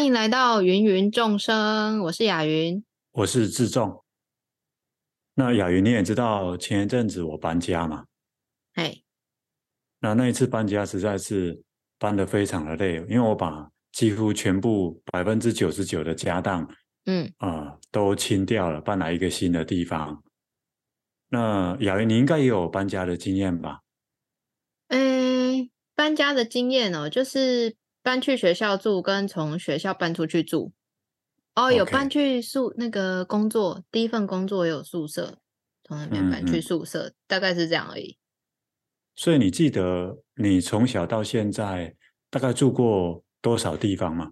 歡迎來到芸芸眾生，我是亞芸，我是志仲。那亞芸，你也知道前一陣子我搬家嘛？哎，那那一次搬家實在是搬得非常的累，因為我把幾乎全部百分之九十九的家當，嗯啊、呃，都清掉了，搬來一個新的地方。那亞芸，你應該也有搬家的經驗吧？嗯、呃，搬家的經驗哦，就是。搬去學校住跟從學校搬出去住，哦、oh, okay.，有搬去宿那個工作，第一份工作也有宿舍，從那邊搬去宿舍。嗯嗯，大概是這樣而已。所以你記得你從小到現在大概住過多少地方嗎？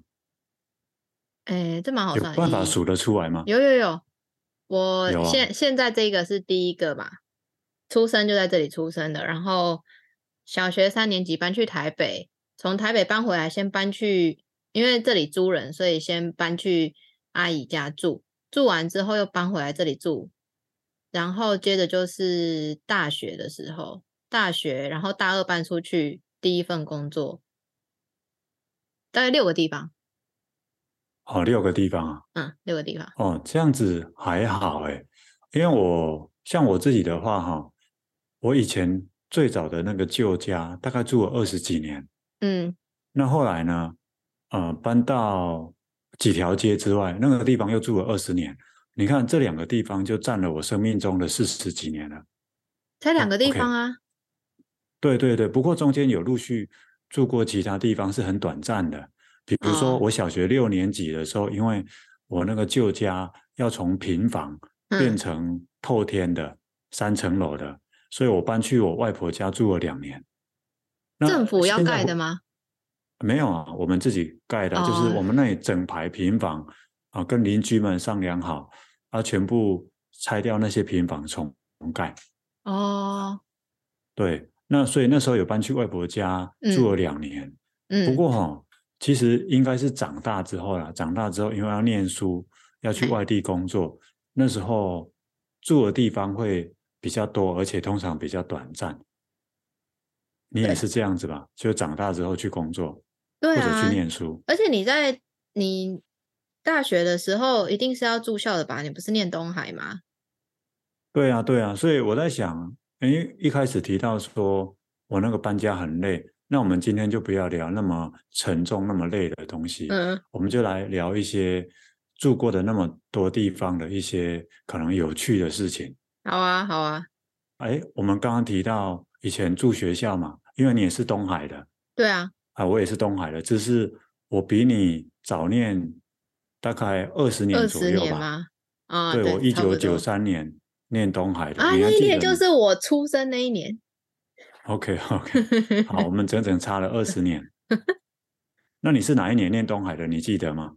哎、欸，這蠻好算，有辦法數得出來嗎？有有有，我現、啊、現在這個是第一個吧，出生就在這裡出生的，然後小學三年級搬去台北。從台北搬回來，先搬去，因為這裡租人，所以先搬去阿姨家住。住完之後又搬回來這裡住，然後接着就是大學的時候，大學，然後大二搬出去，第一份工作，大概六個地方。哦，六個地方啊，嗯，六個地方。哦，這樣子還好欸，因為我像我自己的話哈，我以前最早的那個舊家，大概住了二十幾年。嗯，那後來呢？呃，搬到幾條街之外那個地方又住了二十年。你看這兩個地方就佔了我生命中的四十幾年了。才兩個地方啊？Okay. 對對對，不過中間有陸續住過其他地方，是很短暫的。比如說我小學六年級的時候，哦、因為我那個舊家要從平房變成透天的、嗯、三層樓的，所以我搬去我外婆家住了兩年。政府要蓋的嗎？沒有啊，我們自己蓋的，哦、就是我們那裡整排平房啊，跟鄰居們商量好啊，全部拆掉那些平房，重重蓋。哦，對，那所以那時候有搬去外婆家、嗯、住了兩年。嗯。不過哈、哦，其實應該是長大之後啦。長大之後，因為要念書，要去外地工作，嗯、那時候住的地方會比較多，而且通常比較短暫。你也是這樣子吧、啊？就長大之後去工作、啊，或者去念書。而且你在你大學的時候一定是要住校的吧？你不是念東海嗎？對啊，對啊。所以我在想，哎、欸，一開始提到說我那個搬家很累，那我們今天就不要聊那麼沉重、那麼累的東西。嗯。我們就來聊一些住過的那麼多地方的一些可能有趣的事情。好啊，好啊。哎、欸，我們剛剛提到。以前住學校嘛，因為你也是東海的。對啊。啊，我也是東海的，只是我比你早念大概二十年左右吧。啊、哦，對，對我一九九三年念東海的。啊，那一年就是我出生那一年。OK OK， 好，我們整整差了二十年。 那你是哪一年念東海的？你記得嗎？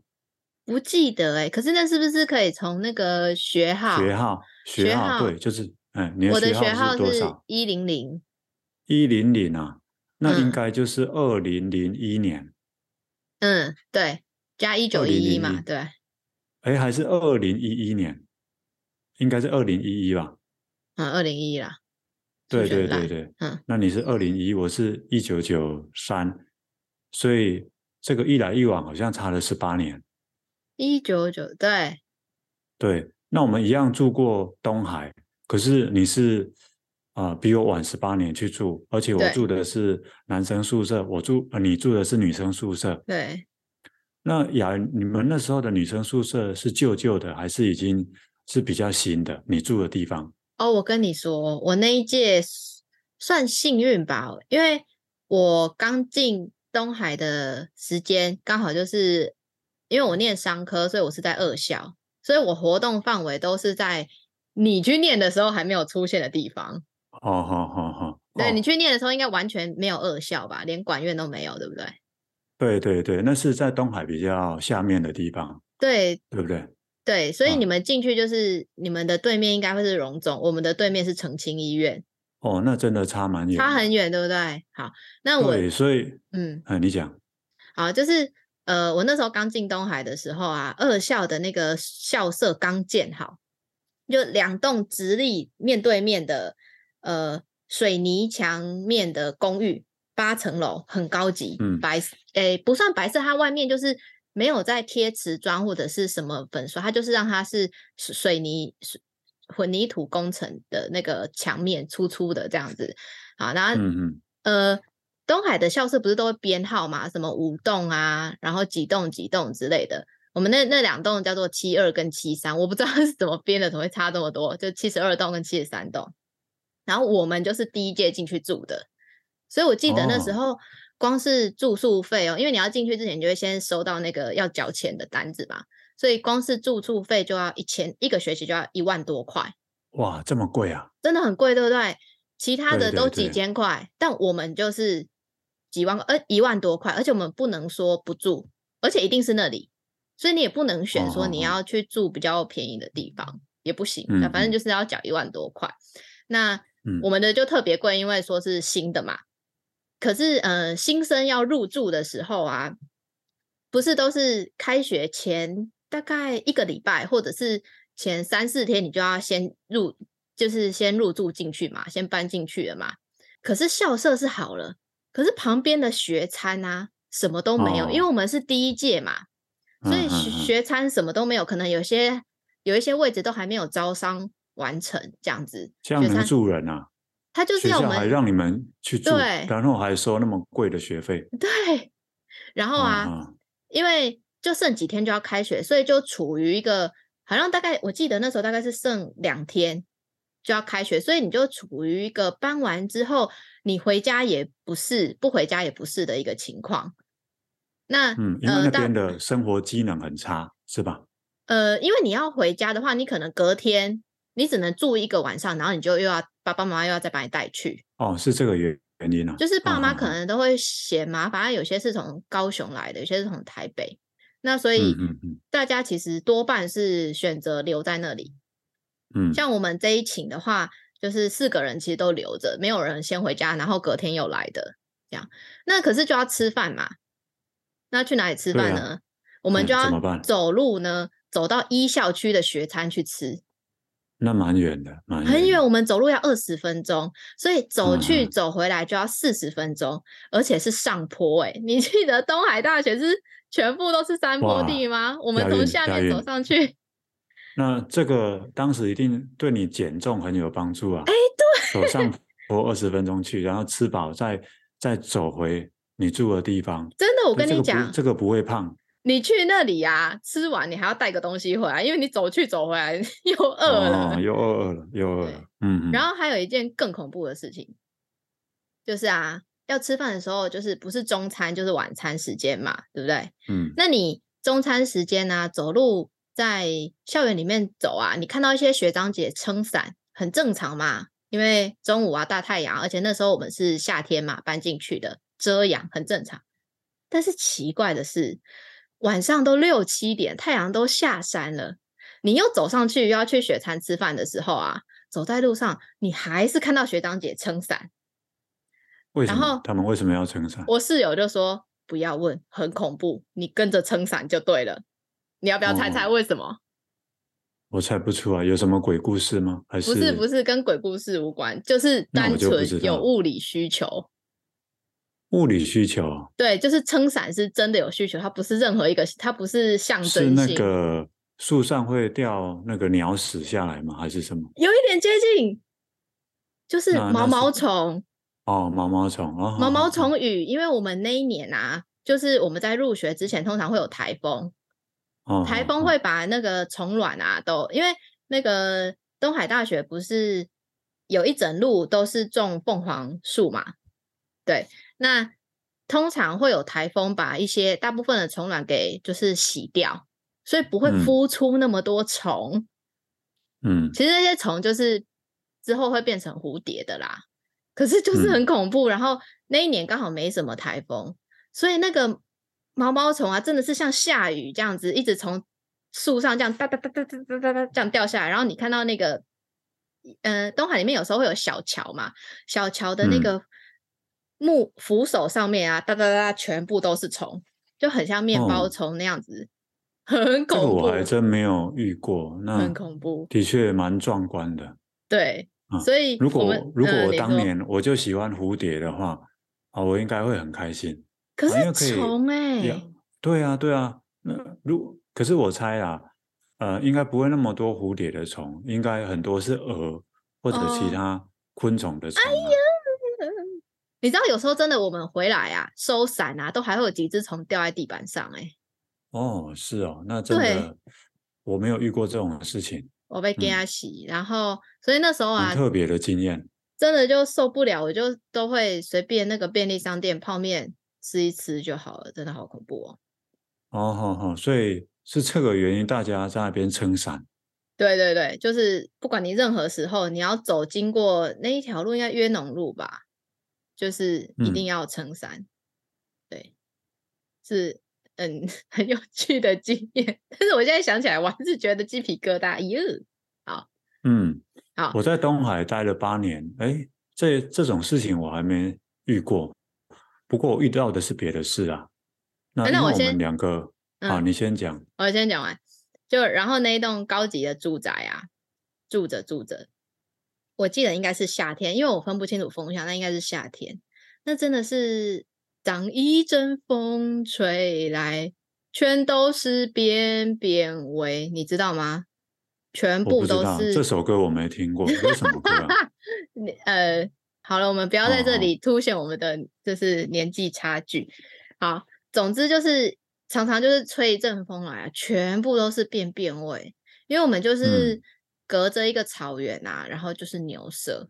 不記得哎、欸，可是那是不是可以從那個學號？學號、學號、學號對，就是嗯、哎，你的學號是多少？我的學號是一零零。一零零啊，那應該就是二零零一年，嗯。嗯，對，加一九一一嘛，二零零一，對。哎，還是二零一一年，應該是二零一一吧？啊、嗯，二零一一啦。對對對對，嗯，那你是二零一一，我是一九九三，所以這個一來一往好像差了十八年。一九九對，對，那我們一樣住過東海，可是你是。啊、呃，比我晚十八年去住，而且我住的是男生宿舍，我住，呃，你住的是女生宿舍。對。那亞芸，你們那時候的女生宿舍是舊舊的，還是已經是比較新的？你住的地方？哦，我跟你說，我那一屆算幸運吧，因為我剛進東海的時間剛好就是因為我念商科，所以我是在二校，所以我活動範圍都是在你去念的時候還沒有出現的地方。哦、oh, oh, oh, oh. oh.，好好好，對，你去念的時候應該完全沒有二校吧，連管院都沒有，對不對？對對對，那是在東海比較下面的地方，對，對不對？對，所以你們進去就是、oh. 你們的對面應該會是榮總，我們的對面是澄清醫院。哦、oh,，那真的差蠻遠，差很遠，對不對？好，那我對所以嗯、哎，你講好，就是呃，我那時候剛進東海的時候啊，二校的那個校舍剛建好，就兩棟直立面對面的。呃，水泥牆面的公寓，八層樓，很高級，嗯、白色，誒、欸，不算白色，它外面就是沒有在貼瓷磚或者是什麼粉刷，它就是讓它是水泥、水混凝土工程的那個牆面，粗粗的這樣子。好，那嗯呃，東海的校舍不是都會編號嘛，什麼五棟啊，然後幾棟幾棟之類的。我們那那兩棟叫做七二跟七三，我不知道是怎麼編的，怎麼會差這麼多？就七十二棟跟七十三棟。然後我們就是第一屆進去住的，所以我記得那時候光是住宿費哦，因為你要進去之前你就會先收到那個要交錢的單子嘛，所以光是住宿費就要一千，一個學期就要一萬多塊。哇，這麼貴啊，真的很貴，對不對？其他的都幾千塊，但我們就是幾萬呃，一萬多塊，而且我們不能說不住，而且一定是那裡，所以你也不能選說你要去住比較便宜的地方也不行，那反正就是要繳一萬多塊，那。我們的就特別貴，因為說是新的嘛。可是，呃，新生要入住的時候啊，不是都是開學前大概一個禮拜，或者是前三四天，你就要先入，就是先入住進去嘛，先搬進去了嘛。可是校舍是好了，可是旁邊的學餐啊，什麼都沒有，Oh. 因為我們是第一屆嘛，所以學餐什麼都沒有，可能有些有一些位置都還沒有招商。完成這樣子，這樣能住人啊？他就是我們學校還讓你們去住。對，然後還收那麼貴的學費。對，然後啊，啊，因為就剩幾天就要開學，所以就處於一個好像大概我記得那時候大概是剩兩天就要開學，所以你就處於一個搬完之後，你回家也不是，不回家也不是的一個情況。那嗯，因為那邊的生活機能很差、呃，是吧？呃，因為你要回家的話，你可能隔天。你只能住一個晚上，然後你就又要爸爸媽媽又要再把你帶去哦。是這個原原因呢、啊、就是爸媽可能都會嫌麻煩，哦、有些是從高雄來的，有些是從台北，那所以大家其實多半是選擇留在那裡。嗯嗯嗯、像我們這一群的話，就是四個人其實都留着，沒有人先回家，然後隔天又來的這樣。那可是就要吃飯嘛，那去哪裡吃飯呢？啊、我們就要走路呢，嗯、怎麼辦、走到一校區的學餐去吃。那蠻遠的，蠻遠，很遠，我們走路要二十分鐘，所以走去、啊、走回來就要四十分鐘，而且是上坡、欸。哎，你記得東海大學是全部都是山坡地嗎？我們從下面走上去。那這個當時一定對你減重很有幫助啊！哎、欸，對，走上坡二十分鐘去，然後吃飽再再走回你住的地方。真的，我跟你講，這個不會胖。你去那裡呀、啊，吃完你還要帶個東西回來，因為你走去走回來又餓了，哦，又餓了，又餓了，又餓了，嗯，嗯。然後還有一件更恐怖的事情，就是啊，要吃飯的時候，就是不是中餐就是晚餐時間嘛，對不對？嗯。那你中餐時間呢、啊，走路在校園裡面走啊，你看到一些學長姐撐傘，很正常嘛，因為中午啊大太陽，而且那時候我們是夏天嘛搬進去的，遮陽很正常。但是奇怪的是，晚上都六七點，太陽都下山了，你又走上去又要去學餐吃飯的時候啊，走在路上你還是看到學長姐撐傘。為什麼？然後他們為什麼要撐傘？我室友就說不要問，很恐怖，你跟着撐傘就對了。你要不要猜猜為什麼？哦。我猜不出來，有什麼鬼故事嗎？還是不是不是，跟鬼故事無關，就是單純有物理需求。物理需求。對，就是撐傘是真的有需求，它不是任何一個，它不是象徵性。是那個樹上會掉那個鳥屎下來嗎？還是什麼？有一點接近，就是毛毛蟲哦，毛毛蟲，哦、毛毛蟲雨、哦。因為我們那一年啊，就是我們在入學之前，通常會有台風、哦，台風會把那個蟲卵啊都、哦，因為那個東海大學不是有一整路都是種鳳凰樹嘛，對。那通常會有台風把一些大部分的蟲卵給就是洗掉，所以不會孵出那麼多蟲。嗯，嗯，其實那些蟲就是之後會變成蝴蝶的啦。可是就是很恐怖，嗯。然後那一年剛好沒什麼台風，所以那個毛毛蟲啊，真的是像下雨這樣子，一直從樹上這樣噠噠噠噠噠噠噠這樣掉下來。然後你看到那個，嗯，呃，東海裡面有時候會有小橋嘛，小橋的那個。嗯木扶手上面啊，噠噠噠，全部都是蟲，就很像麵包蟲那樣子，哦呵呵，很恐怖。這個我還真沒有遇過，那很恐怖，的確蠻壯觀的。對，啊、所以如果、呃、如果我當年我就喜歡蝴蝶的話，嗯、啊，我應該會很開心。可是蟲哎、啊欸，對啊對啊，那如可是我猜啊，呃，應該不會那麼多蝴蝶的蟲，應該很多是蛾或者其他昆蟲的蟲，啊。哦，哎呀你知道有時候真的，我們回來啊，收傘啊，都還會有幾隻蟲掉在地板上欸。哦，是哦，那真的，我沒有遇過這種事情。我被給它洗，然後所以那時候啊，特別的經驗，真的就受不了，我就都會隨便那個便利商店泡麵吃一吃就好了，真的好恐怖哦。哦，好好，所以是這個原因，大家在那邊撐傘。對對對，就是不管你任何時候，你要走經過那一條路，應該約農路吧。就是一定要撐傘、嗯，對，是嗯，很有趣的經驗，但是我現在想起來，我還是覺得雞皮疙瘩。咦，好，嗯，好，我在東海待了八年，哎，這這種事情我還沒遇過，不過我遇到的是別的事啊。那啊那我先，我們兩個，啊、嗯，你先講，我先講完，就然後那一棟高級的住宅啊，住着住着，我記得應該是夏天，因為我分不清楚風向，那應該是夏天。那真的是，當一陣風吹來，全都是便便味，你知道嗎？全部都是。不知道這首歌我沒聽過，是什麼歌，啊？ 呃，好了，我們不要在這裡凸顯我們的就是年紀差距，哦好。好，總之就是常常就是吹一陣風來，啊，全部都是便便味，因為我們就是。嗯隔着一個草原啊，然後就是牛舍，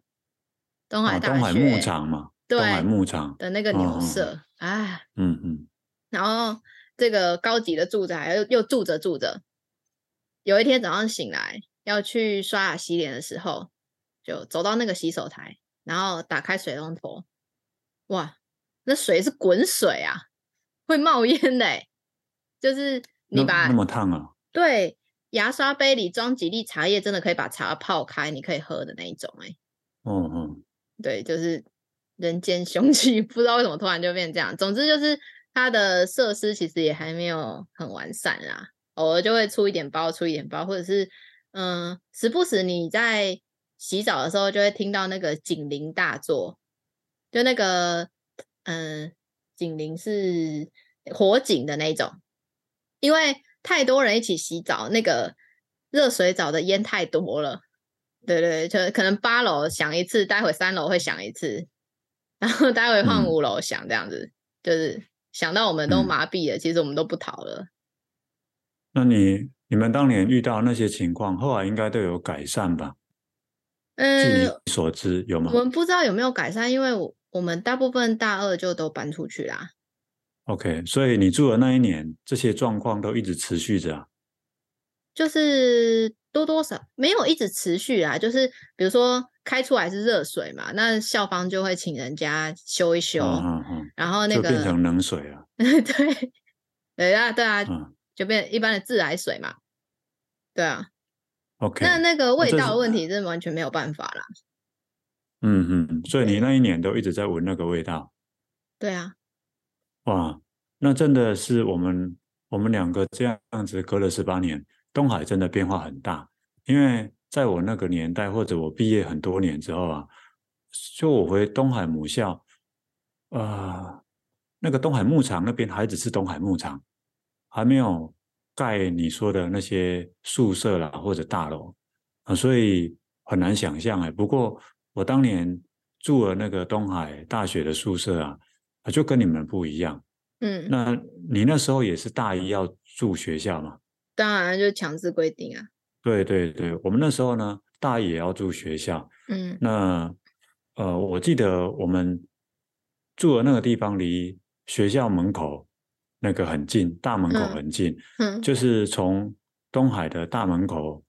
東海大學、啊，東海牧場嘛，對，東海牧場的那個牛舍啊、哦哦，嗯嗯，然後這個高級的住宅又又住着住着，有一天早上醒來要去刷牙洗臉的時候，就走到那個洗手台，然後打開水龍頭，哇，那水是滾水啊，會冒煙的，就是你把那，那麼燙啊，對。牙刷杯裡裝幾粒茶葉，真的可以把茶泡開，你可以喝的那一種，欸。嗯嗯，對，就是人間兇器，不知道為什麼突然就變這樣。總之就是它的設施其實也還沒有很完善啦，偶爾就會出一點包，出一點包，或者是嗯，時不時你在洗澡的時候就會聽到那個警鈴大作，就那個嗯，警鈴是火警的那一種，因為。太多人一起洗澡，那個熱水澡的煙太多了。對對,對，就可能八樓響一次，待會三樓會響一次，然後待會放五樓響、嗯，這樣子就是響到我們都麻痹了、嗯，其實我們都不逃了。那你、你們當年遇到那些情況，後來應該都有改善吧？嗯，據你所知有嗎、嗯？我們不知道有沒有改善，因為我們大部分大二就都搬出去啦。OK，所以你住的那一年，這些狀況都一直持續着啊？就是多多少沒有一直持續啊，就是比如說開出來是熱水嘛，那校方就會請人家修一修、哦哦哦，然後那個就變成冷水了。 對，對啊，對啊，嗯、就變一般的自來水嘛，對啊。OK，那那個味道的問題是完全沒有辦法啦。嗯哼、嗯，所以你那一年都一直在聞那個味道？對，對啊。哇，那真的是我們我們兩個這樣子隔了十八年，東海真的變化很大。因為在我那個年代，或者我畢業很多年之後啊，就我回東海母校，啊，那個東海牧場那邊還只是東海牧場，還沒有蓋你說的那些宿舍啦或者大樓啊，所以很難想象欸。不過我當年住了那個東海大學的宿舍啊。啊，就跟你們不一樣。嗯，那你那時候也是大一要住學校嗎？當然，就強制規定啊。對對對，我們那時候呢，大一也要住學校。嗯，那呃，我記得我們住的那個地方離學校門口那個很近，大門口很近。嗯，就是從東海的大門口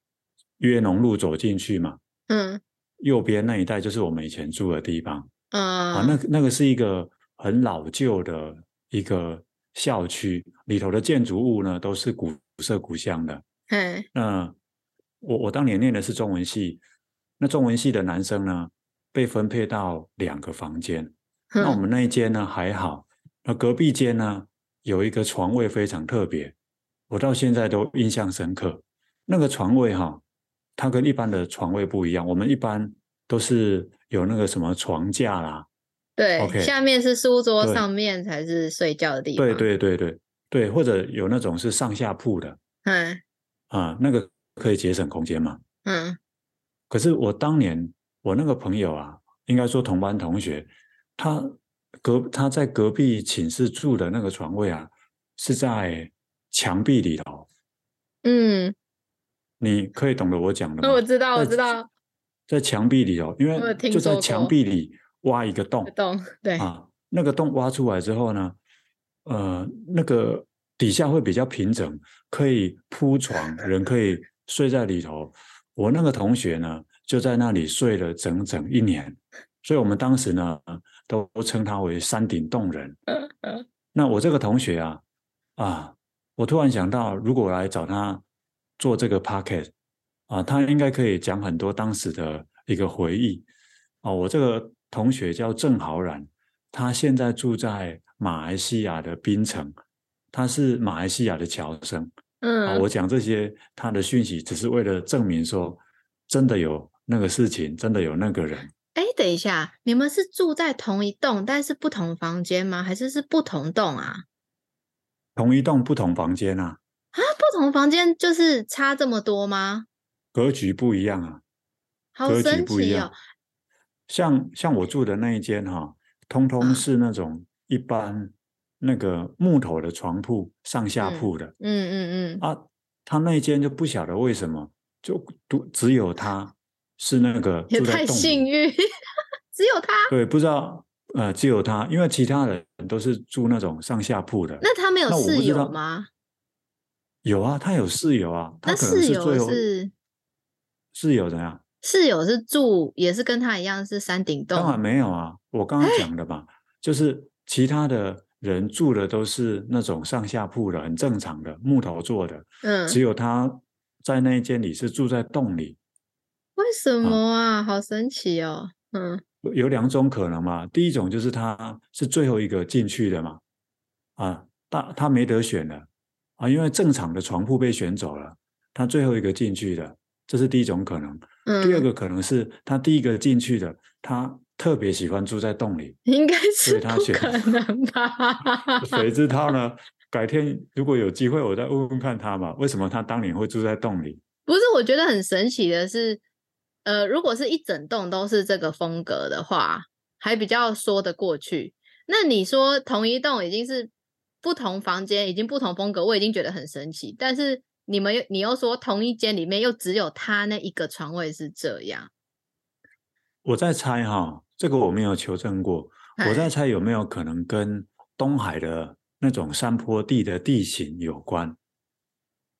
約農路走進去嘛。嗯，右邊那一帶就是我們以前住的地方。嗯、啊，那那個是一個。很老舊的一個校區裡頭的建築物呢，都是古色古香的。嗯，那我我當年念的是中文系，那中文系的男生呢，被分配到兩個房間。那我們那一間呢，還好，那隔壁間呢有一個床位非常特別，我到現在都印象深刻。那個床位哈、哦，它跟一般的床位不一樣，我們一般都是有那個什麼床架啦、啊。對，okay, 下面是書桌，上面才是睡覺的地方。對對對對對，或者有那種是上下鋪的。嗯啊，那個可以節省空間嘛。嗯。可是我當年我那個朋友啊，應該說同班同學，他隔他在隔壁寢室住的那個床位啊，是在牆壁裡頭。嗯。你可以懂得我講的嗎？哦，我知道，我知道在。在牆壁裡頭，因為就在牆壁裡。挖一個洞，洞對啊，那個洞挖出來之後呢，呃，那個底下會比較平整，可以鋪床，人可以睡在裡頭。我那個同學呢，就在那裡睡了整整一年，所以我們當時呢，都稱他為“山頂洞人”。嗯嗯。那我這個同學啊，啊，我突然想到，如果來找他做這個 podcast 啊，他應該可以講很多當時的一個回憶。啊，我這個。同學叫鄭浩然，他現在住在馬來西亞的檳城，他是馬來西亞的僑生。嗯、啊，我講這些他的訊息，只是為了證明說，真的有那個事情，真的有那個人。哎，等一下，你們是住在同一棟，但是不同房間嗎？還是是不同棟啊？同一棟不同房間啊？啊，不同房間就是差這麼多嗎？格局不一樣啊，好神奇哦，格局不一樣。像像我住的那一間哈、啊，通通是那種一般那個木頭的床鋪，嗯、上下鋪的。嗯嗯嗯。啊，他那一間就不曉得為什麼，就都只有他是那個住在洞裡。也太幸運， 只有他。對，不知道，呃，只有他，因為其他人都是住那種上下鋪的。那他沒有室友嗎？有啊，他有室友啊。他室友是，他可能是，最後是室友怎樣？室友是住也是跟他一樣是山頂洞？當然沒有啊。我剛剛講的嘛，就是其他的人住的都是那種上下鋪的，很正常的木頭做的。嗯，只有他在那一間裡是住在洞裡。為什麼啊？啊？好神奇哦。嗯，有兩種可能嘛。第一種就是他是最後一個進去的嘛，啊，他他沒得選的啊，因為正常的床鋪被選走了，他最後一個進去的。這是第一種可能。嗯，第二個可能是他第一個進去的，他特別喜歡住在洞裡，應該是不可能吧？他誰知道呢？ 改天如果有機會，我再問問看他吧。為什麼他當年會住在洞裡？不是，我覺得很神奇的是，呃，如果是一整棟都是這個風格的話，還比較說得過去。那你說同一棟已經是不同房間，已經不同風格，我已經覺得很神奇，但是。你們你又說同一間裡面又只有他那一個床位是這樣？我在猜哈、哦，這個我沒有求證過。我在猜有沒有可能跟東海的那種山坡地的地形有關？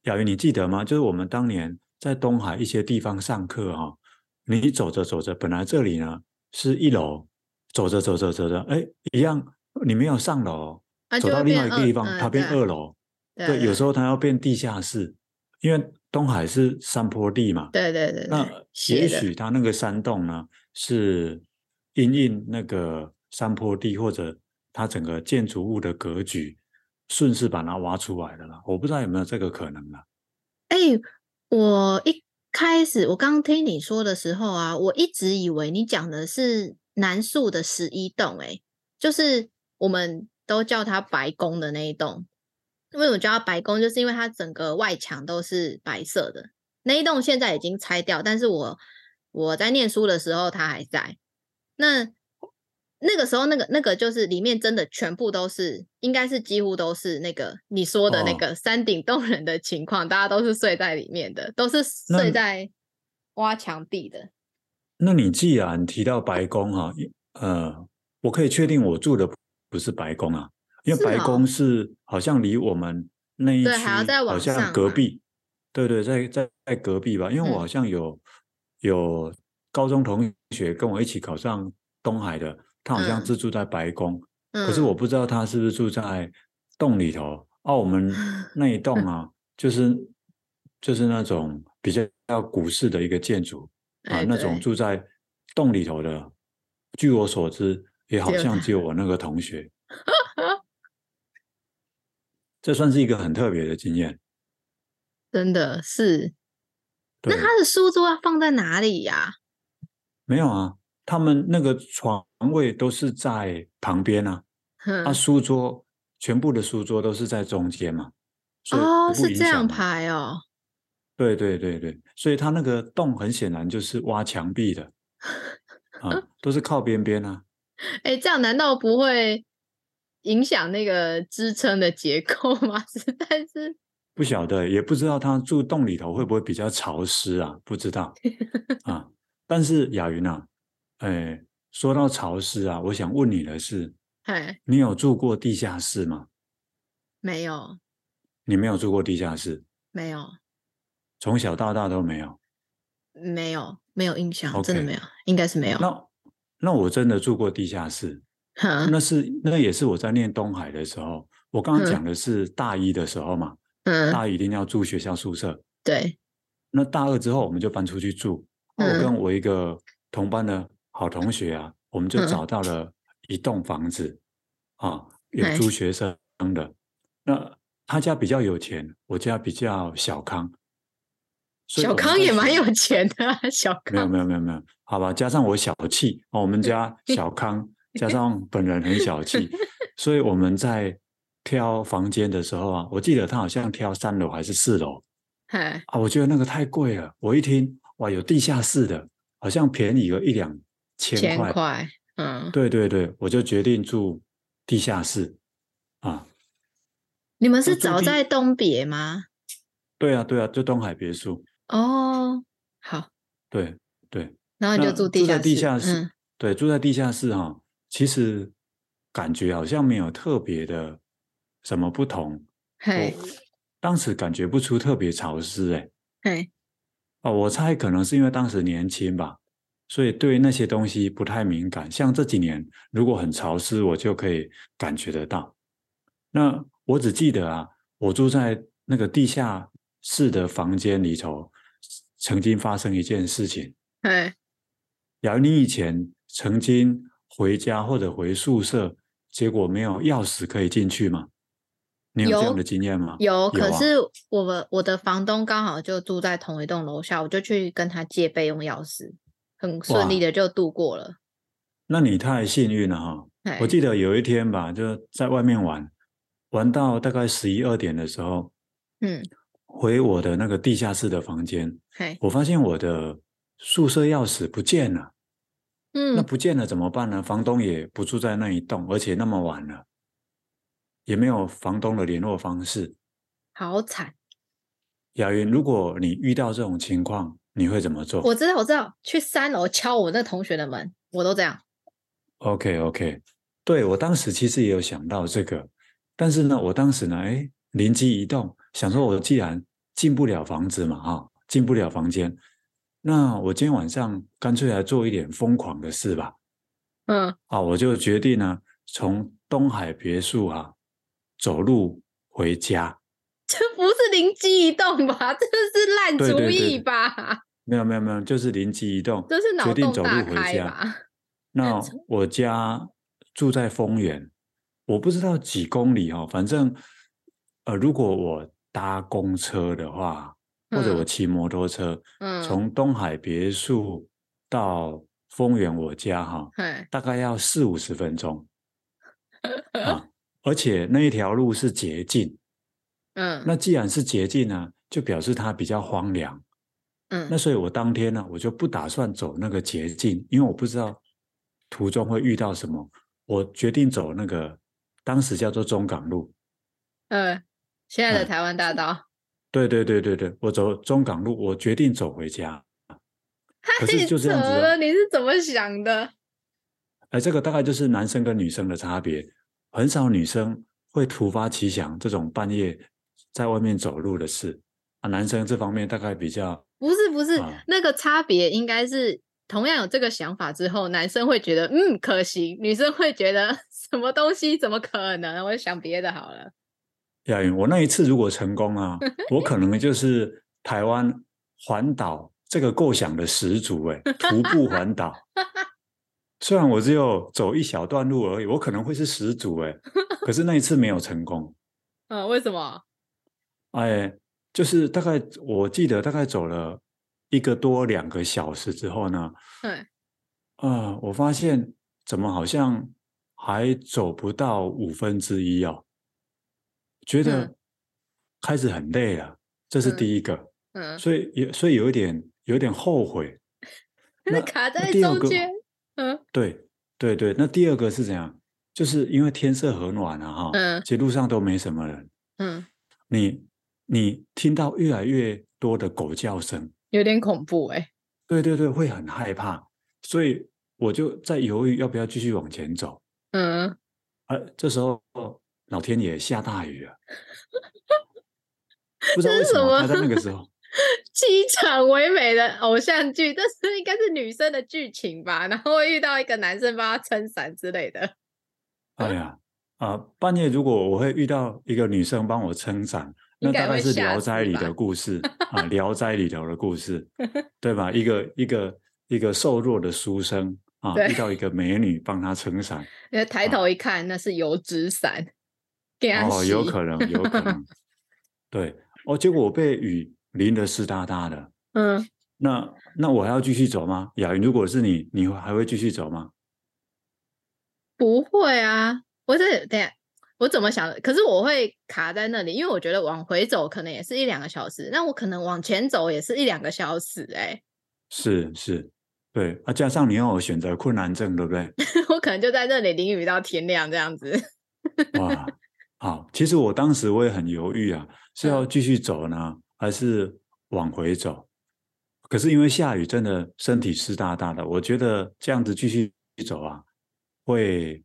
亞芸，你記得嗎？就是我們當年在東海一些地方上課哈、哦，你走着走着，本來這裡呢是一樓，走着走着走着，哎，一樣，你沒有上樓，走到另外一個地方，它、啊、變二,二樓，對，有時候它要變地下室。因為東海是山坡地嘛，對對對，對，那也許他那個山洞呢是，是因應那個山坡地或者他整個建築物的格局，順勢把它挖出來的啦。我不知道有沒有這個可能啦、啊。哎，我一開始我剛聽你說的時候啊，我一直以為你講的是男宿的十一棟、欸，哎，就是我們都叫它白宮的那一棟。為什麼叫它白宮？就是因為它整個外牆都是白色的。那一棟現在已經拆掉，但是我我在念書的時候它還在。那那個時候，那個那個就是裡面真的全部都是，應該是幾乎都是那個你說的那個山頂洞人的情況、哦，大家都是睡在裡面的，都是睡在挖牆壁的那。那你既然提到白宮哈、啊，呃，我可以確定我住的不是白宮啊。因為白宮是好像離我們那一區好像隔壁，哦、對、啊、對，對，在在在隔壁吧。因為我好像有、嗯、有高中同學跟我一起考上東海的，他好像是住在白宮，嗯、可是我不知道他是不是住在洞裡頭。哦、嗯啊，我們那一棟啊， 就是就是那種比較古式的一個建築、哎、啊，那種住在洞裡頭的，據我所知，也好像只有我那個同學。 這算是一個很特別的經驗，真的是。對。那他的書桌要放在哪裡呀、啊？沒有啊，他們那個床位都是在旁邊啊，嗯、他書桌全部的書桌都是在中間嘛，嘛。哦，是這樣排哦。對對對對，所以他那個洞很顯然就是挖牆壁的， 啊，都是靠邊邊啊。哎、欸，這樣難道不會？影響那個支撐的結構嗎？實在是，但是不曉得，也不知道他住洞裡頭會不會比較潮濕啊？不知道 啊。但是亞芸吶、啊，哎，說到潮濕啊，我想問你的是，嗨，你有住過地下室嗎？沒有。你沒有住過地下室？沒有。從小到大都沒有。沒有，沒有印象，okay, 真的沒有，應該是沒有。那那我真的住過地下室。 那是那也是我在念東海的時候，我剛剛講的是大一的時候嘛，嗯，嗯，大一一定要住學校宿舍，對。那大二之後我們就搬出去住，嗯、我跟我一個同班的好同學啊，嗯、我們就找到了一棟房子，嗯、啊，有租學生的、嗯。那他家比較有錢，我家比較小康，小康也蠻有錢的、啊，小康。沒有沒有沒有沒有，好吧，加上我小氣、哦、我們家小康。 加上本人很小氣， 所以我們在挑房間的時候啊，我記得他好像挑三樓還是四樓，啊，我覺得那個太貴了。我一聽，哇，有地下室的，好像便宜個一兩千塊。千塊，嗯，對對對，我就決定住地下室啊。你們是早在東別嗎？對啊對啊，就東海別墅。哦，好。對對。然後你就住，地下室住在地下室，嗯，對，住在地下室哈，啊。其實感覺好像沒有特別的什麼不同，嗨、hey.，當時感覺不出特別潮濕、哎，hey. 哦，我猜可能是因為當時年輕吧，所以對那些東西不太敏感。像這幾年如果很潮濕，我就可以感覺得到。那我只記得啊，我住在那個地下室的房間裡頭，曾經發生一件事情，對，亞芸，你以前曾經。回家，或者回宿舍，結果沒有鑰匙可以進去嗎？有，你有這樣的經驗嗎？有，有啊，可是我我的房東剛好就住在同一棟樓下，我就去跟他借備用鑰匙，很順利的就度過了。那你太幸運了哈，哦！我記得有一天吧，就在外面玩，玩到大概十一二點的時候，嗯，回我的那個地下室的房間，嘿，我發現我的宿舍鑰匙不見了。嗯，那不見了怎麼辦呢？房東也不住在那一棟，而且那麼晚了，也沒有房東的聯絡方式，好慘。亞芸，如果你遇到這種情況，你會怎麼做？我知道，我知道，去三樓敲我那同學的門，我都這樣。OK，OK，okay, okay. 對，我當時其實也有想到這個，但是呢，我當時呢，哎，靈機一動，想說我既然進不了房子嘛，哈、哦，進不了房間。那我今天晚上乾脆來做一點瘋狂的事吧，嗯，啊，我就決定呢、啊，從東海別墅哈、啊，走路回家。這不是靈機一動吧？這是爛主意吧？對對對？沒有沒有沒有，就是靈機一動，這是腦洞大開吧？決定走路回家。那我家住在豐原，我不知道幾公里哈、哦，反正呃，如果我搭公車的話。或者我騎摩托車，嗯，從東海別墅到豐原我家哈，對、嗯，大概要四五十分鐘， 啊，而且那一條路是捷徑，嗯，那既然是捷徑呢、啊，就表示它比較荒涼，嗯，那所以我當天呢，我就不打算走那個捷徑，因為我不知道途中會遇到什麼，我決定走那個當時叫做中港路，嗯，現在的台灣大道。對對對對對，我走中港路，我決定走回家。他是怎麼了？你是怎麼想的？哎，這個大概就是男生跟女生的差別，很少女生會突發奇想這種半夜在外面走路的事啊。男生這方面大概比較……不是不是、啊，那個差別應該是同樣有這個想法之後，男生會覺得嗯可行，女生會覺得什麼東西怎麼可能？我就想別的好了。亞芸，我那一次如果成功啊， 我可能就是台灣環島這個構想的始祖誒，徒步環島。 雖然我只有走一小段路而已，我可能會是始祖誒，可是那一次沒有成功。嗯、 呃，為什麼？哎，就是大概我記得大概走了一個多兩個小時之後呢，啊、 呃，我發現怎麼好像還走不到五分之一哦。覺得開始很累了，嗯，這是第一個，嗯，嗯，所，以所以有所以有一點有一點後悔。嗯，那卡在中間，嗯，對對對，那第二個是怎樣？就是因為天色很晚了哈，嗯，其實路上都沒什麼人，嗯，你你聽到越來越多的狗叫聲，有點恐怖哎，欸，對對對，會很害怕，所以我就在猶豫要不要繼續往前走，嗯，啊，這時候，老天爺下大雨啊！ 不知道為什麼，他在那個時候，這是什麼淒慘唯美的偶像劇，這是應該是女生的劇情吧？然後遇到一個男生幫她撐傘之類的。 哎呀啊、呃！半夜如果我會遇到一個女生幫我撐傘，那大概是《聊齋》裡的故事 啊，《聊齋》裡頭的故事， 對吧？一個一個一個瘦弱的書生啊對，遇到一個美女幫他撐傘，因為抬頭一看，啊、那是油紙傘。哦，有可能，有可能。 對，哦，結果我被雨淋得濕噠噠的。嗯，那。那那我還要繼續走嗎？亞芸，如果是你，你還會繼續走嗎？不會啊，不是，等一下，我怎麼想的？可是我會卡在那裡，因為我覺得往回走可能也是一兩個小時，那我可能往前走也是一兩個小時，欸。哎。是是，對。那，啊，加上你有選擇困難症，對不對？ 我可能就在這裡淋雨到天亮這樣子。哇。其實我當時我也很猶豫啊，是要繼續走呢，嗯、還是往回走？可是因為下雨，真的身體濕噠噠的，我覺得這樣子繼續走啊，會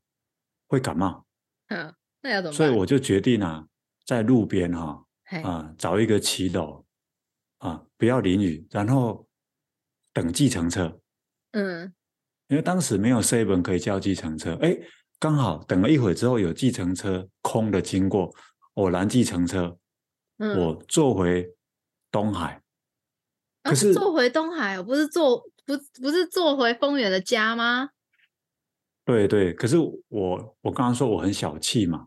會感冒。嗯，那要怎麼辦？所以我就決定啊，在路邊哈、啊，啊，找一個騎樓啊，不要淋雨，然後等計程車。嗯，因為當時沒有塞本可以叫計程車，誒剛好等了一會之後，有計程車空的經過，我攔計程車，嗯，我坐回東海。可是，啊，坐回東海，不是坐不不是坐回豐原的家嗎？對對，可是我我剛剛說我很小氣嘛，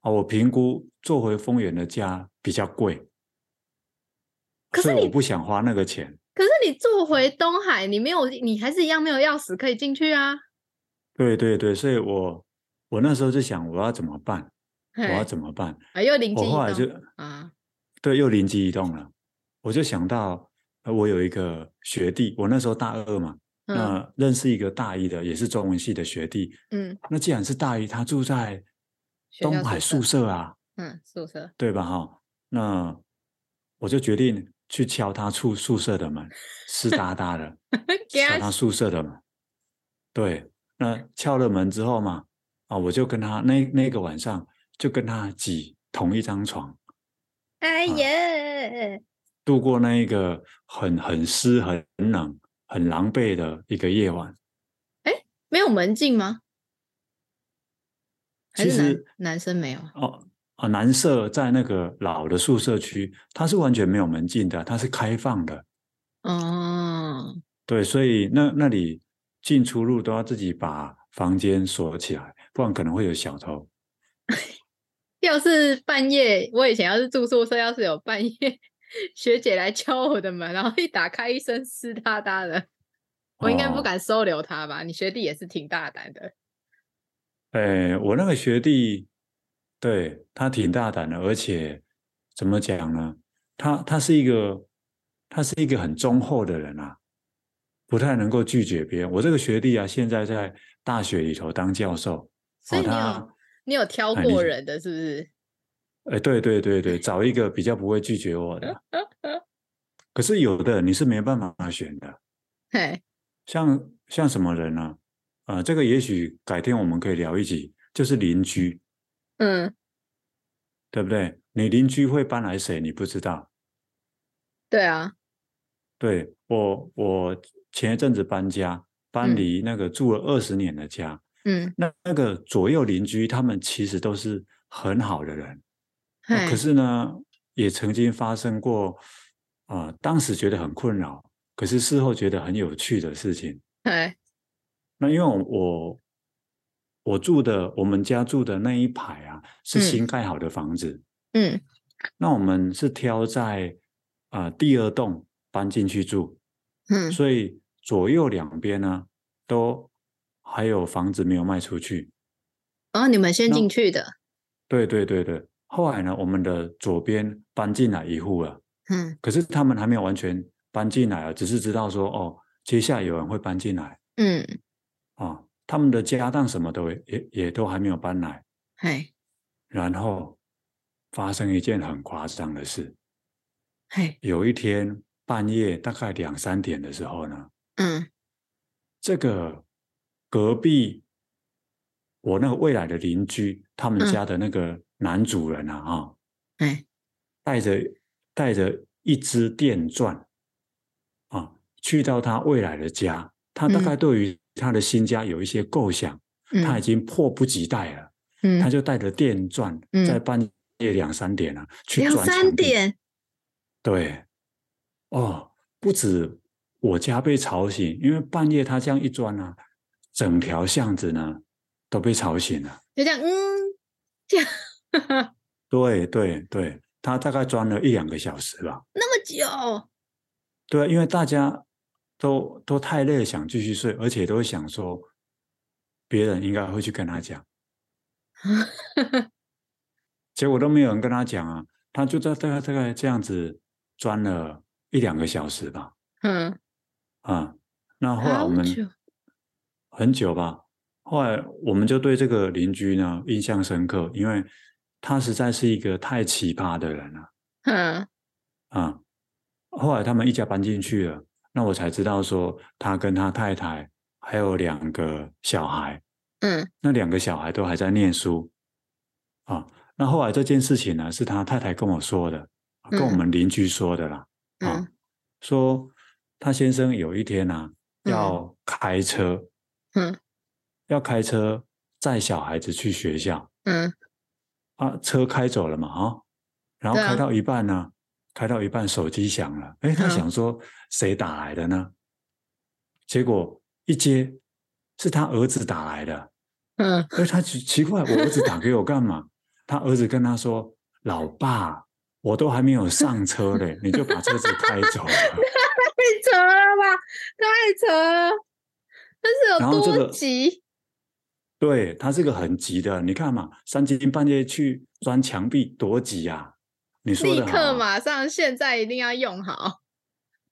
啊，我評估坐回豐原的家比較貴，可是你我不想花那個錢。可是你坐回東海，你沒有，你還是一樣沒有鑰匙可以進去啊。對對對，所以我我那時候就想我要怎麼辦，我要怎麼辦？啊、又移我又靈機一動啊！對，又靈機一動了，我就想到，呃，我有一個學弟，我那時候大二嘛，嗯、那認識一個大一的，也是中文系的學弟，嗯，那既然是大一，他住在東海宿舍啊，舍嗯，宿舍對吧？哈，那我就決定去敲他出宿舍的門，濕噠噠的 他敲他宿舍的門，對。那敲了門之後嘛，啊，我就跟他那那個晚上就跟他擠同一張床，哎呀、啊，度過那一個很很濕、很冷、很狼狽的一個夜晚。哎、欸，沒有門禁嗎？其實還是男，男生沒有哦，啊，男舍在那個老的宿舍區，他是完全沒有門禁的，他是開放的。哦，對，所以那那裡。進出入都要自己把房間鎖起來，不然可能會有小偷。 要是半夜，我以前要是住宿舍，要是有半夜學姐來敲我的門，然後一打開，一身濕噠噠的，我應該不敢收留她吧？哦。你學弟也是挺大膽的。哎、欸，我那個學弟對他挺大膽的，而且怎麼講呢？他他是一個他是一個很忠厚的人啊。不太能夠拒絕別人。我這個學弟啊，現在在大學裡頭當教授。所以你有、哦、他、你有挑過人的是不是？哎，對對對對，找一個比較不會拒絕我的。 可是有的你是沒辦法選的。嘿， 像像什麼人呢？啊？啊、呃，這個也許改天我們可以聊一集，就是鄰居。嗯，對不對？你鄰居會搬來誰？你不知道。對啊。對我我。我前一陣子搬家，搬離那個住了二十年的家，嗯，那那個左右鄰居他們其實都是很好的人，嗯、可是呢，也曾經發生過啊、呃，當時覺得很困擾，可是事後覺得很有趣的事情，對、嗯，那因為我我住的我們家住的那一排啊，是新蓋好的房子，嗯，嗯，那我們是挑在啊、呃、第二棟搬進去住，嗯，所以。左右兩邊呢，都還有房子沒有賣出去。哦，你們先進去的。對對對對，後來呢，我們的左邊搬進來一戶了。嗯。可是他們還沒有完全搬進來啊，只是知道說哦，接下來有人會搬進來。嗯。啊、哦，他們的家當什麼都也也，也都還沒有搬來。哎。然後發生一件很誇張的事。哎。有一天半夜大概兩三點的時候呢。嗯，這個隔壁我那個未來的鄰居，他們家的那個男主人啊，嗯、帶着帶着一支電鑽，啊，去到他未來的家，他大概對於他的新家有一些構想，嗯、他已經迫不及待了，嗯、他就帶着電鑽、嗯、在半夜兩三點啊，兩三點啊去鑽兩三點，對，哦，不止。我家被吵醒，因為半夜他這樣一鑽呢、啊、整條巷子呢都被吵醒了。就這樣，嗯，這樣。 對對對，他大概鑽了一兩個小時吧。那麼久？對，因為大家都都太累，想繼續睡，而且都會想說別人應該會去跟他講， 結果都沒有人跟他講啊。他就在大概大概這樣子鑽了一兩個小時吧。嗯。 啊，那後來我們很久吧，後來我們就對這個鄰居呢印象深刻，因為他實在是一個太奇葩的人了，啊。嗯，啊，後來他們一家搬進去了，那我才知道說他跟他太太還有兩個小孩。嗯，那兩個小孩都還在念書。啊，那後來這件事情呢，是他太太跟我說的，嗯，跟我們鄰居說的啦。啊，嗯，說。他先生有一天呢、啊，要開車，嗯，要開車載小孩子去學校，嗯，啊，車開走了嘛，啊、哦，然後開到一半呢、啊嗯，開到一半手機響了，哎，他想說誰打來的呢、嗯？結果一接，是他兒子打來的，嗯，誒他就奇怪，我兒子打給我幹嘛？ 他兒子跟他說，老爸，我都還沒有上車嘞， 你就把車子開走了。 太扯了吧！太扯了，但是有多急？這個、對他是個很急的，你看嘛，三更半夜去鑽牆壁多急啊！你說、啊、立刻馬上現在一定要用好。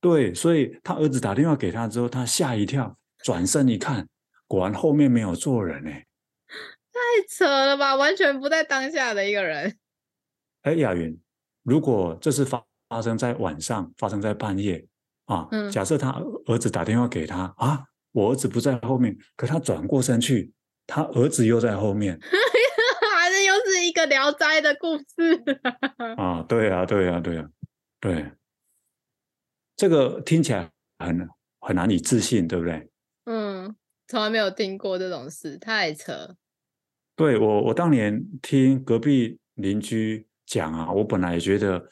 對，所以他兒子打電話給他之後，他嚇一跳，轉身一看，果然後面沒有坐人哎，太扯了吧！完全不在當下的一個人。哎，雅云，如果這是發生在晚上，發生在半夜。啊，嗯、假設他兒子打電話給他啊，我兒子不在後面，可他轉過身去，他兒子又在後面， 還是又是一個聊齋的故事啊。啊，對啊，對啊，對啊，對，這個聽起來很很難以置信，對不對？嗯，從來沒有聽過這種事，太扯。對我，我當年聽隔壁鄰居講啊，我本來覺得。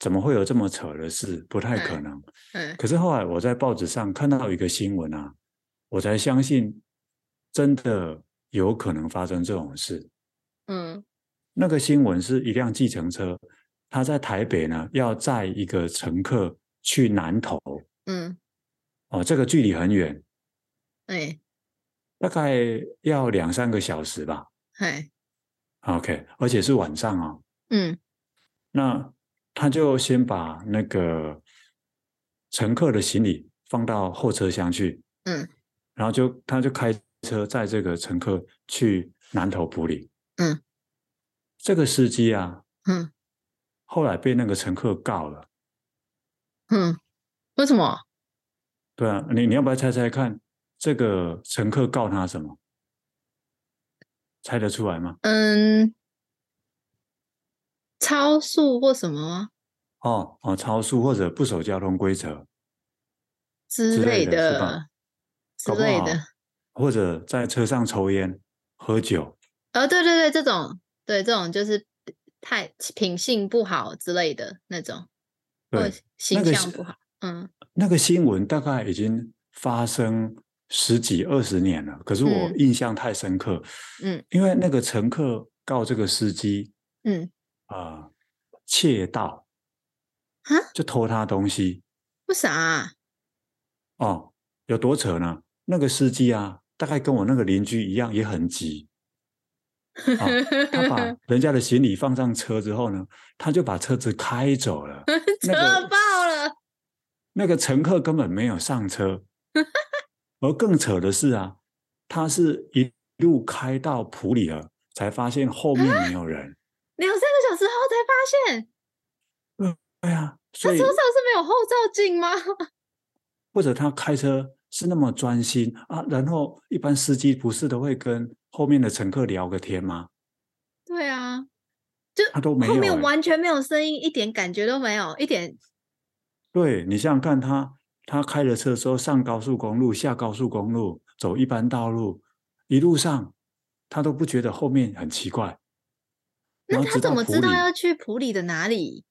怎麼會有這麼扯的事？不太可能。哎哎。可是後來我在報紙上看到一個新聞啊，我才相信真的有可能發生這種事。嗯。那個新聞是一輛計程車，它在台北呢，要載一個乘客去南投。嗯。哦，這個距離很遠。哎。大概要兩三個小時吧。哎。OK，而且是晚上啊、哦。嗯。那。他就先把那個乘客的行李放到後車廂去，嗯，然後就他就開車載這個乘客去南投埔里，嗯，這個司機啊，嗯，後來被那個乘客告了，嗯，為什麼？對啊，你你要不要猜猜看？這個乘客告他什麼？猜得出來嗎？嗯。超速或什麼嗎？哦哦，超速或者不守交通規則之類的，之類的，之類的，之類的，或者在車上抽煙、喝酒。哦，對對對，這種對這種就是太品性不好之類的那種。對，形象不好，那個。嗯，那個新聞大概已經發生十幾二十年了，可是我印象太深刻。嗯，嗯，因為那個乘客告這個司機，嗯。啊、呃，竊盜，啊，就偷他東西、啊，不傻啊？哦，有多扯呢？那個司機啊，大概跟我那個鄰居一樣，也很急。哦、 他把人家的行李放上車之後呢，他就把車子開走了， 車爆了、那個。那個乘客根本沒有上車， 而更扯的是啊，他是一路開到埔里了，才發現後面沒有人。 兩三個小時後才發現，嗯，對啊，他車上是沒有後照鏡嗎？或者他開車是那麼專心，麼專心啊？然後一般司機不是都會跟後面的乘客聊個天嗎？對啊，就他都沒有，後面完全沒有聲音，一點感覺都沒有，一點。對，你想看他，他開着車的時候上高速公路、下高速公路、走一般道路，一路上他都不覺得後面很奇怪。那他怎麼知道要去埔里的哪裡？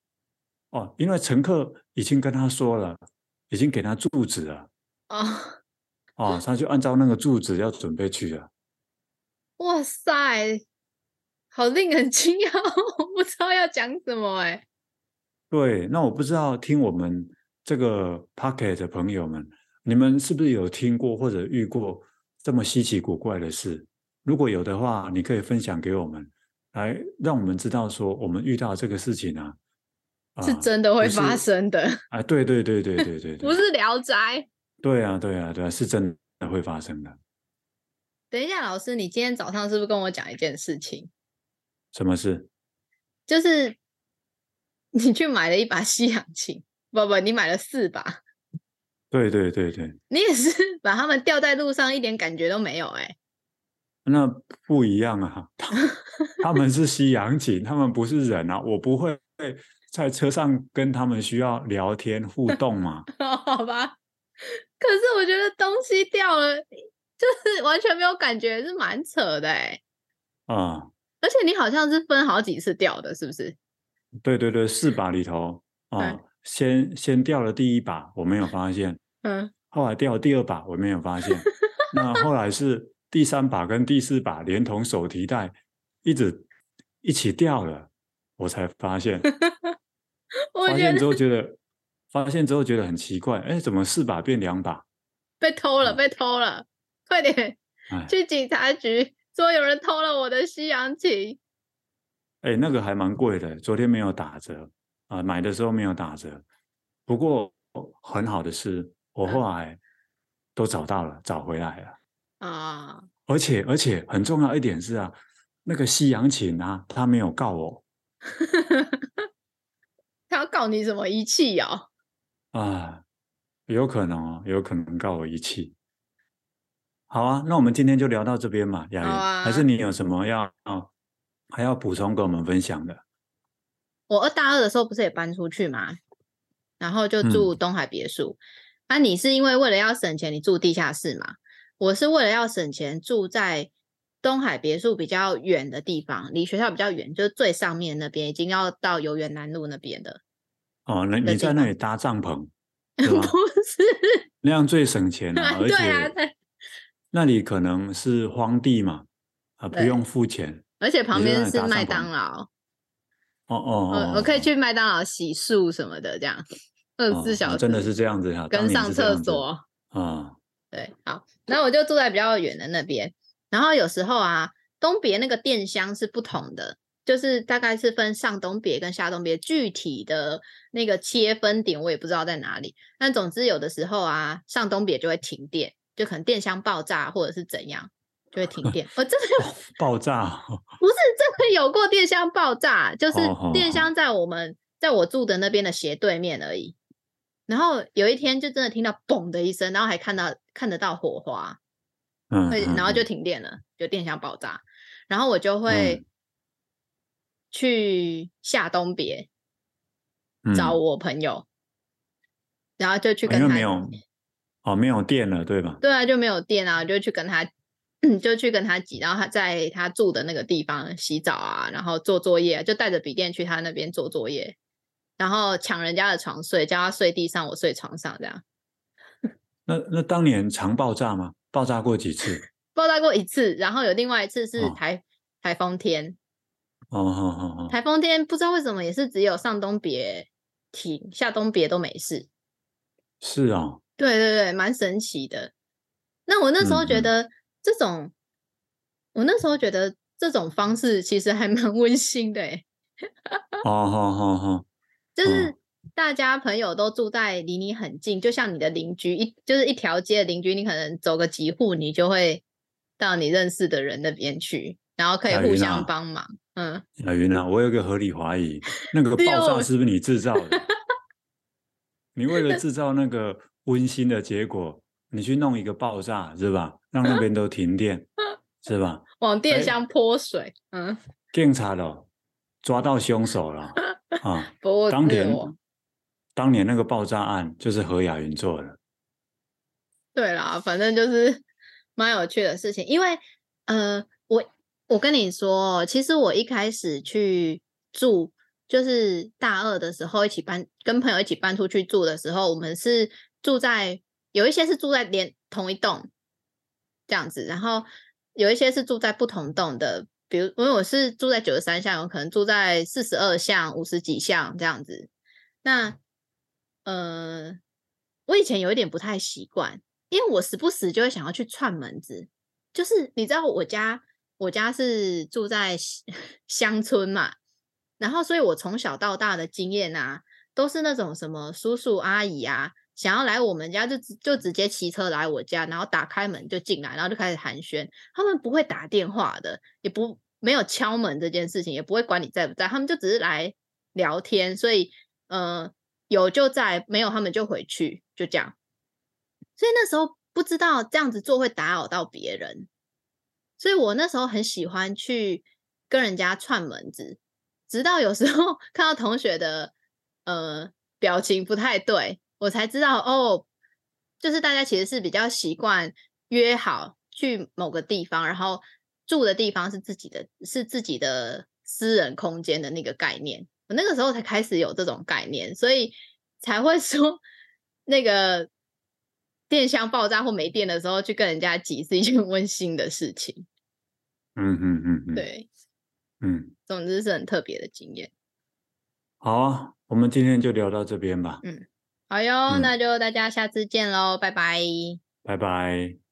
哦，因為乘客已經跟他說了，已經給他住址了。哦，哦，他就按照那個住址要準備去了。哇塞，好令人驚訝！我不知道要講什麼哎、欸。對，那我不知道，聽我們這個 Pocket 的朋友們，你們是不是有聽過或者遇過這麼稀奇古怪的事？如果有的話，你可以分享給我們。來讓我們知道說，我們遇到這個事情啊、呃，是真的會發生的啊、哎！對對對對對對，對， 不是聊齋、啊。對啊，對啊，對啊，是真的會發生的。等一下，老師，你今天早上是不是跟我講一件事情？什麼事？就是你去買了一把西洋琴，不，不不，你買了四把。 對對對對，你也是把他們吊在路上，一點感覺都沒有哎、欸。那不一樣啊，他們是西洋景， 他們不是人啊。我不會在車上跟他們需要聊天互動嘛 、哦、好吧，可是我覺得東西掉了，就是完全沒有感覺，是蠻扯的哎、欸。啊、嗯，而且你好像是分好幾次掉的，是不是？對對對，四把裡頭，對、嗯呃嗯，先先掉了第一把，我沒有發現，嗯，後來掉了第二把，我沒有發現， 那後來是。第三把跟第四把連同手提袋，一直一起掉了，我才發現。 我發現之後覺得，發現之後覺得很奇怪，哎，怎麼四把變兩把？被偷了，嗯、被偷了！快點去警察局，說有人偷了我的西洋琴。哎，那個還蠻貴的，昨天沒有打折啊、呃，買的時候沒有打折。不過很好的是，我後來都找到了，啊、找回來了。啊！而且而且很重要一點是啊，那個西洋琴啊，他沒有告我。 他要告你什麼遺棄啊？啊，有可能哦，有可能告我遺棄。好啊，那我們今天就聊到這邊嘛，亞芸、啊、還是你有什麼要、啊、還要補充跟我們分享的？我二大二的時候不是也搬出去嘛，然後就住東海別墅。那、嗯啊、你是因為為了要省錢，你住地下室嘛？我是為了要省錢，住在東海別墅比較遠的地方，離學校比較遠，就是最上面那邊，已經要到遊園南路那邊的。哦，那你在那裡搭帳篷，是 不是，那樣最省錢啊， 對啊，那裡可能是荒地嘛，啊，不用付錢。而且旁邊是麥當勞。哦哦，我、哦、我可以去麥當勞洗漱什麼的，這樣二十四小時、哦、真的是這樣子、啊、跟上廁所啊。對，好，然後我就住在比較遠的那邊，然後有時候啊，東別那個電箱是不同的，就是大概是分上東別跟下東別，具體的那個切分點我也不知道在哪裡，但總之有的時候啊，上東別就會停電，就可能電箱爆炸或者是怎樣，就會停電。我、哦、真的爆炸？不是，真的有過電箱爆炸，就是電箱在我們 oh, oh, oh. 在我住的那邊的斜對面而已。然後有一天就真的聽到“嘣”的一聲，然後還看到看得到火花，嗯，然後就停電了，嗯、就電箱爆炸。然後我就會去夏東別、嗯、找我朋友、嗯，然後就去跟他哦，沒有電了，對吧？對啊，就沒有電啊，就去跟他就去跟他擠，然後他在他住的那個地方洗澡啊，然後做作業、啊，就帶着筆電去他那邊做作業。然後搶人家的床睡，叫他睡地上，我睡床上，這樣。 那那當年常爆炸嗎？爆炸過幾次？爆炸過一次，然後有另外一次是台、哦、颱風天。哦哦哦颱風天不知道為什麼也是只有上東別停，下東別都沒事。是啊，哦。對對對，蠻神奇的。那我那時候覺得這種，嗯嗯，我那時候覺得這種方式其實還蠻溫馨的 哦。哦哦哦哦。哦就是大家朋友都住在離你很近，嗯，就像你的鄰居，一就是一條街的鄰居，你可能走個幾戶，你就會到你認識的人那邊去，然後可以互相幫忙。亞芸啊。嗯，亞芸啊，我有個合理懷疑， 那個爆炸是不是你製造的？ 你為了製造那個溫馨的結果，你去弄一個爆炸是吧？讓那邊都停電 是吧？往電箱潑水，欸，嗯，警察了。抓到兇手了 啊！不 過當年， 當年那個爆炸案就是何亞芸做的。對啦，反正就是蠻有趣的事情，因為呃，我我跟你說，其實我一開始去住，就是大二的時候一起搬，跟朋友一起搬出去住的時候，我們是住在，有一些是住在連同一棟這樣子，然後有一些是住在不同棟的。比如，因為我是住在九十三巷，有可能住在四十二巷、五十幾巷這樣子。那，呃，我以前有一點不太習慣，因為我時不時就會想要去串門子。就是你知道，我家我家是住在鄉，鄉村嘛，然後所以我從小到大的經驗啊，都是那種什麼叔叔阿姨啊。想要來我們家就，就直就直接騎車來我家，然後打開門就進來，然後就開始寒暄。他們不會打電話的，也不沒有敲門這件事情，也不會管你在不在，他們就只是來聊天。所以，呃，有就在，沒有他們就回去，就這樣。所以那時候不知道這樣子做會打擾到別人，所以我那時候很喜歡去跟人家串門子，直到有時候看到同學的呃表情不太對。我才知道哦，就是大家其實是比較習慣約好去某個地方，然後住的地方是自己的，是自己的私人空間的那個概念。我那個時候才開始有這種概念，所以才會說那個電箱爆炸或沒電的時候去跟人家擠是一件溫馨的事情。嗯嗯嗯嗯，對，嗯，總之是很特別的經驗。好啊，我們今天就聊到這邊吧。嗯。好喲，嗯，那就大家下次見嘍、嗯，拜拜。拜拜。